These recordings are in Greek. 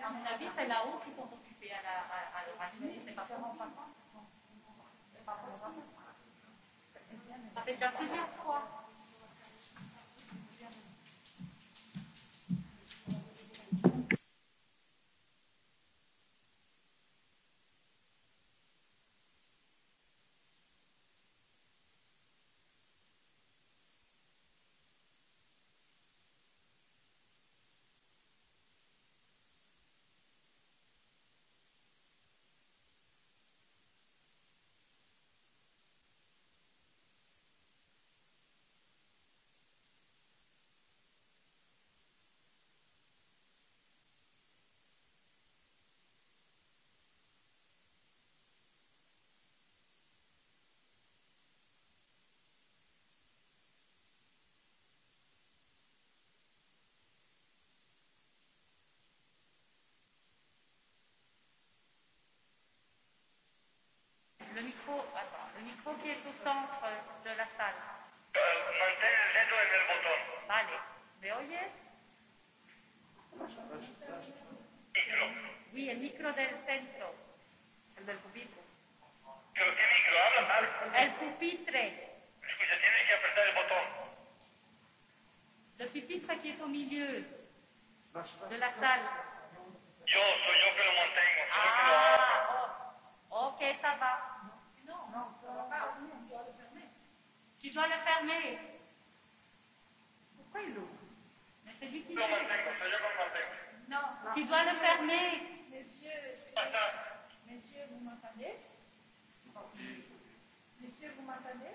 À mon avis, c'est là-haut qu'ils à c'est pas ça. fait déjà qui est au milieu de la salle. Yo, soy yo que lo mantengo, Ah, oh, Ok, ça va. Non, non, ça va pas, tu dois le fermer. Tu dois le fermer. Pourquoi il l'ouvre Mais c'est lui qui l'ouvre. Non, tu dois le fermer. Messieurs, excusez-moi. Messieurs, vous m'entendez Messieurs, vous m'entendez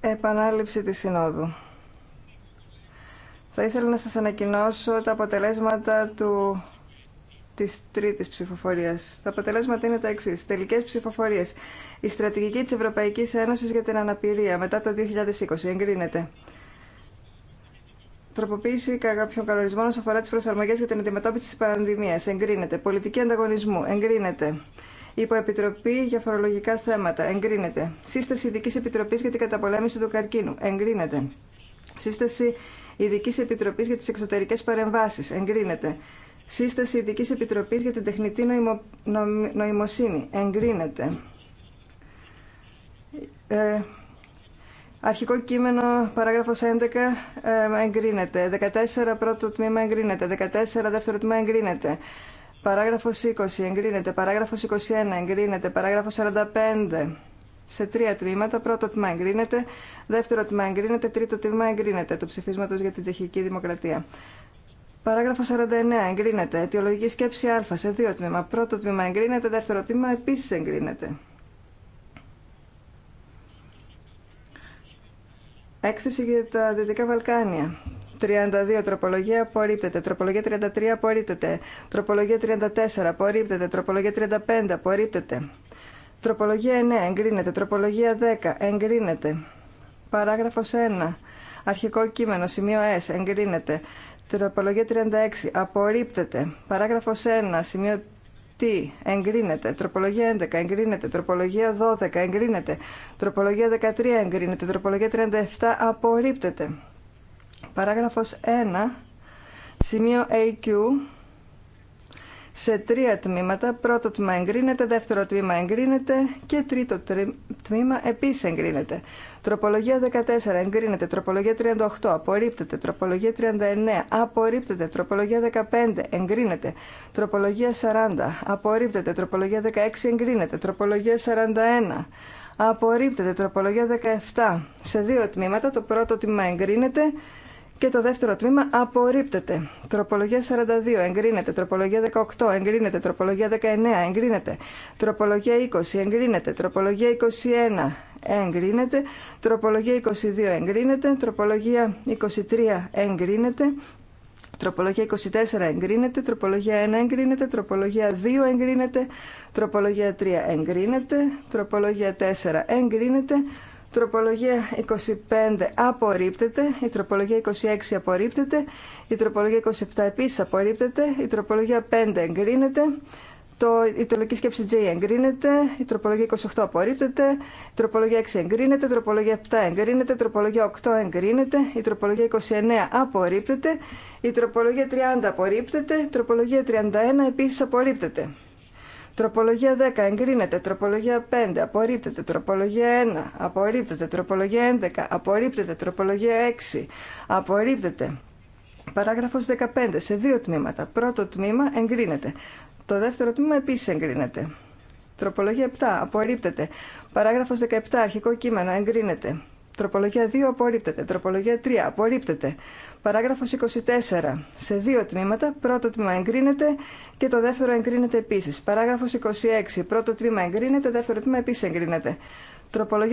Επανάληψη της Συνόδου. Θα ήθελα να σας ανακοινώσω τα αποτελέσματα του... της τρίτης ψηφοφορίας. Τα αποτελέσματα είναι τα εξή. Τελικές ψηφοφορίες. Η στρατηγική της Ευρωπαϊκής Ένωσης για την αναπηρία μετά το 2020 εγκρίνεται τροποποίηση κάποιων κανονισμών όσον αφορά τι προσαρμογέ για την αντιμετώπιση τη πανδημία. Εγκρίνεται. Πολιτική ανταγωνισμού. Εγκρίνεται. Υποεπιτροπή για φορολογικά θέματα. Εγκρίνεται. Σύσταση Ειδική Επιτροπή για την καταπολέμηση του καρκίνου. Εγκρίνεται. Σύσταση Ειδική Επιτροπή για τι εξωτερικέ παρεμβάσει. Εγκρίνεται. Σύσταση Ειδική Επιτροπή για την τεχνητή νοημο... νοημοσύνη. Εγκρίνεται. Ε, Αρχικό κείμενο, παράγραφος 11, ε, εγκρίνεται. 14, πρώτο τμήμα, εγκρίνεται. 14, δεύτερο τμήμα, εγκρίνεται. Παράγραφος 20, εγκρίνεται. Παράγραφος 21, εγκρίνεται. Παράγραφο 45, σε τρία τμήματα. Πρώτο τμήμα εγκρίνεται, δεύτερο τμήμα εγκρίνεται, τρίτο τμήμα εγκρίνεται Το ψηφίσματο για την Τσεχική Δημοκρατία. Παράγραφο 49. Εγκρίνεται. Αιτιολογική σκέψη Α σε δύο τμήμα. Πρώτο τμήμα εγκρίνεται, δεύτερο τμήμα επίση εγκρίνεται. Έκθεση για τα Δυτικά Βαλκάνια. 32 τροπολογία απορρίπτεται. Τροπολογία 33 απορρίπτεται. Τροπολογία 34 απορρίπτεται. Τροπολογία 35 απορρίπτεται. Τροπολογία 9 εγκρίνεται. Τροπολογία 10 εγκρίνεται. Παράγραφος 1. Αρχικό κείμενο, σημείο S, εγκρίνεται. Τροπολογία 36, απορρίπτεται. Παράγραφος 1, σημείο τι εγκρίνεται. Τροπολογία 11, εγκρίνεται. Τροπολογία 12, εγκρίνεται. Τροπολογία 13, εγκρίνεται. Τροπολογία 37, απορρίπτεται. Παράγραφος 1, σημείο AQ, σε τρία τμήματα. Πρώτο τμήμα εγκρίνεται, δεύτερο τμήμα εγκρίνεται και τρίτο τμήμα επίσης εγκρίνεται. Τροπολογία 14 εγκρίνεται, τροπολογία 38 απορρίπτεται, τροπολογία 39 απορρίπτεται, τροπολογία 15 εγκρίνεται, τροπολογία 40 απορρίπτεται, τροπολογία 16 εγκρίνεται, τροπολογία 41 απορρίπτεται, τροπολογία 17 σε δύο τμήματα, το πρώτο τμήμα εγκρίνεται, και το δεύτερο τμήμα απορρίπτεται. Τροπολογία 42 εγκρίνεται. Τροπολογία 18 εγκρίνεται. Τροπολογία 19 εγκρίνεται. Τροπολογία 20 εγκρίνεται. Τροπολογία 21 εγκρίνεται. Τροπολογία 22 εγκρίνεται. Τροπολογία 23 εγκρίνεται. Τροπολογία 24 εγκρίνεται, τροπολογία 1 εγκρίνεται, τροπολογία 2 εγκρίνεται, τροπολογία 3 εγκρίνεται, τροπολογία 4 εγκρίνεται, τροπολογία 25 απορρίπτεται, η τροπολογία 26 απορρίπτεται, η τροπολογία 27 επίση απορρίπτεται, η τροπολογία 5 εγκρίνεται, το, η σκέψη J εγκρίνεται, η τροπολογία 28 απορρίπτεται, η τροπολογία 6 εγκρίνεται, η τροπολογία 7 εγκρίνεται, η τροπολογία 8 εγκρίνεται, η τροπολογία 29 απορρίπτεται, η τροπολογία 30 απορρίπτεται, η τροπολογία 31 επίση απορρίπτεται. Τροπολογία 10 εγκρίνεται, τροπολογία 5 απορρίπτεται, τροπολογία 1 απορρίπτεται, τροπολογία 11 απορρίπτεται, τροπολογία 6 απορρίπτεται. Παράγραφος 15 σε δύο τμήματα. Πρώτο τμήμα εγκρίνεται. Το δεύτερο τμήμα επίσης εγκρίνεται. Τροπολογία 7 απορρίπτεται. Παράγραφος 17 αρχικό κείμενο εγκρίνεται. Τροπολογία 2 απορρίπτεται. Τροπολογία 3 απορρίπτεται. Παράγραφος 24. Σε δύο τμήματα. Πρώτο τμήμα εγκρίνεται και το δεύτερο εγκρίνεται επίσης. Παράγραφος 26. Πρώτο τμήμα εγκρίνεται, δεύτερο τμήμα επίση εγκρίνεται. Τροπολογία